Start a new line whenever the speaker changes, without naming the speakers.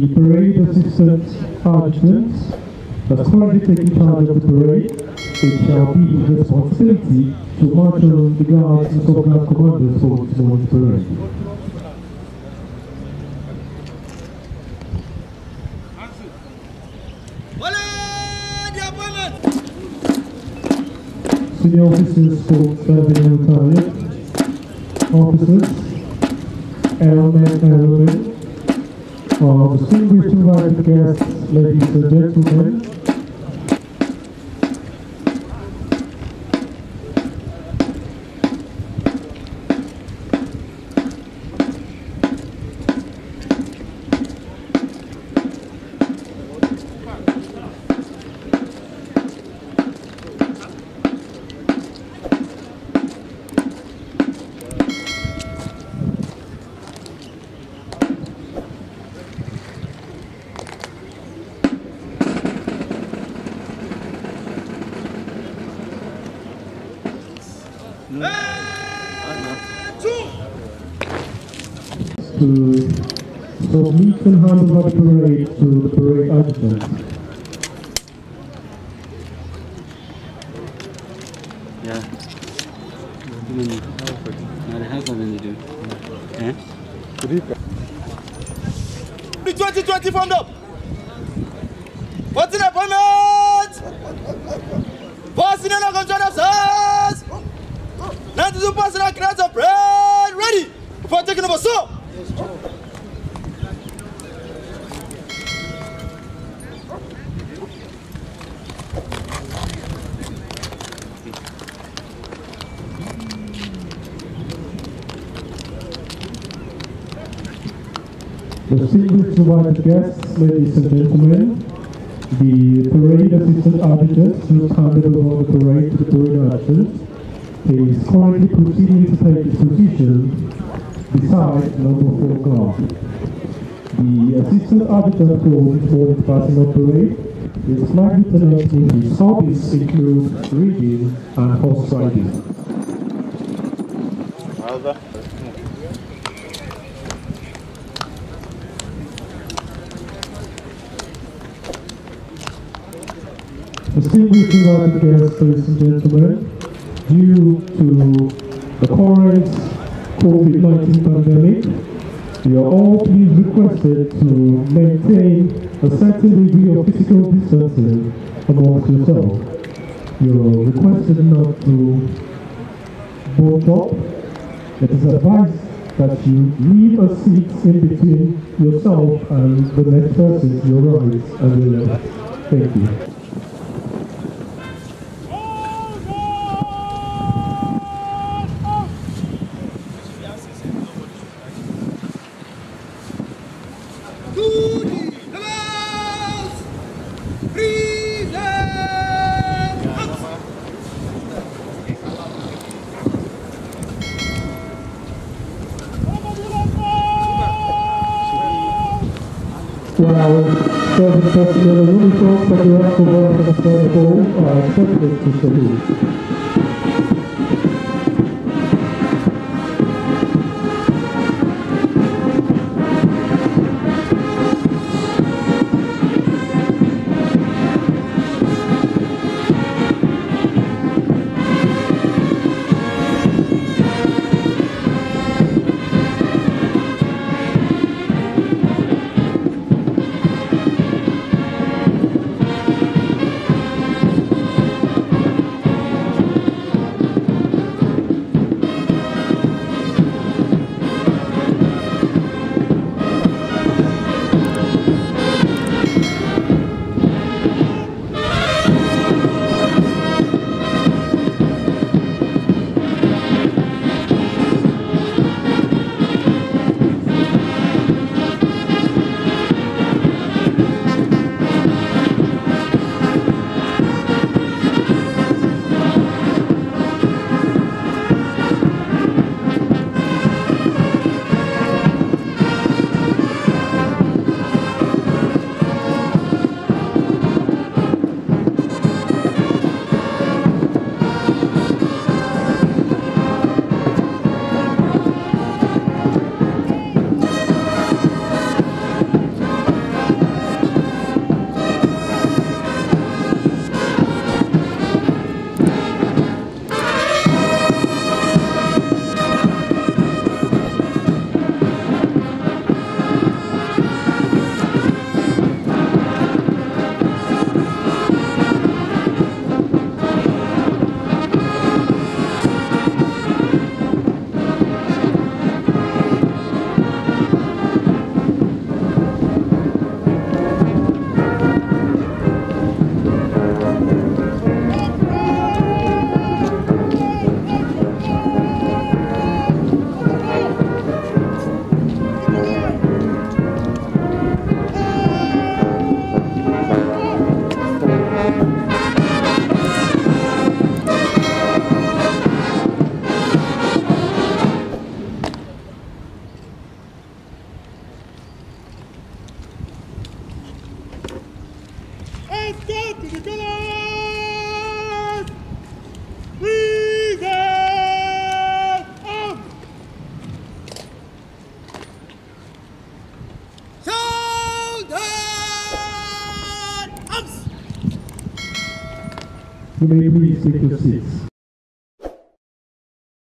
the parade assistance adjutants, as currently taking charge of the parade, it shall be his responsibility to marshal the guards and sub-guard commanders for this morning's parade. Senior officers for serving and battalion, officers, airmen and our distinguished invited guests, ladies and gentlemen. to, so we can hand over the parade to the parade officer. Yeah. How many? Not half of to do. Eh? The 2020 formed up! What's in appointment? distinguished invited guests, ladies and gentlemen, the parade assistant arbiters who handed over the parade to the parade archers is currently proceeding to take the position beside number 4 car. The assistant arbiter for the of parade is likely to let his hobbies include reading and horse riding. Well Distinguished invited guests, ladies and gentlemen, due to the current COVID-19 pandemic, we are all please requested to maintain a certain degree of physical distancing amongst yourselves. You're requested not to bolt up. It is advised that you leave a seat in between yourself and the next person, your right and your left. Thank you. Wow, to jest uniform, to jest uniform, to jest uniform, to jest uniform, You may please take your seats.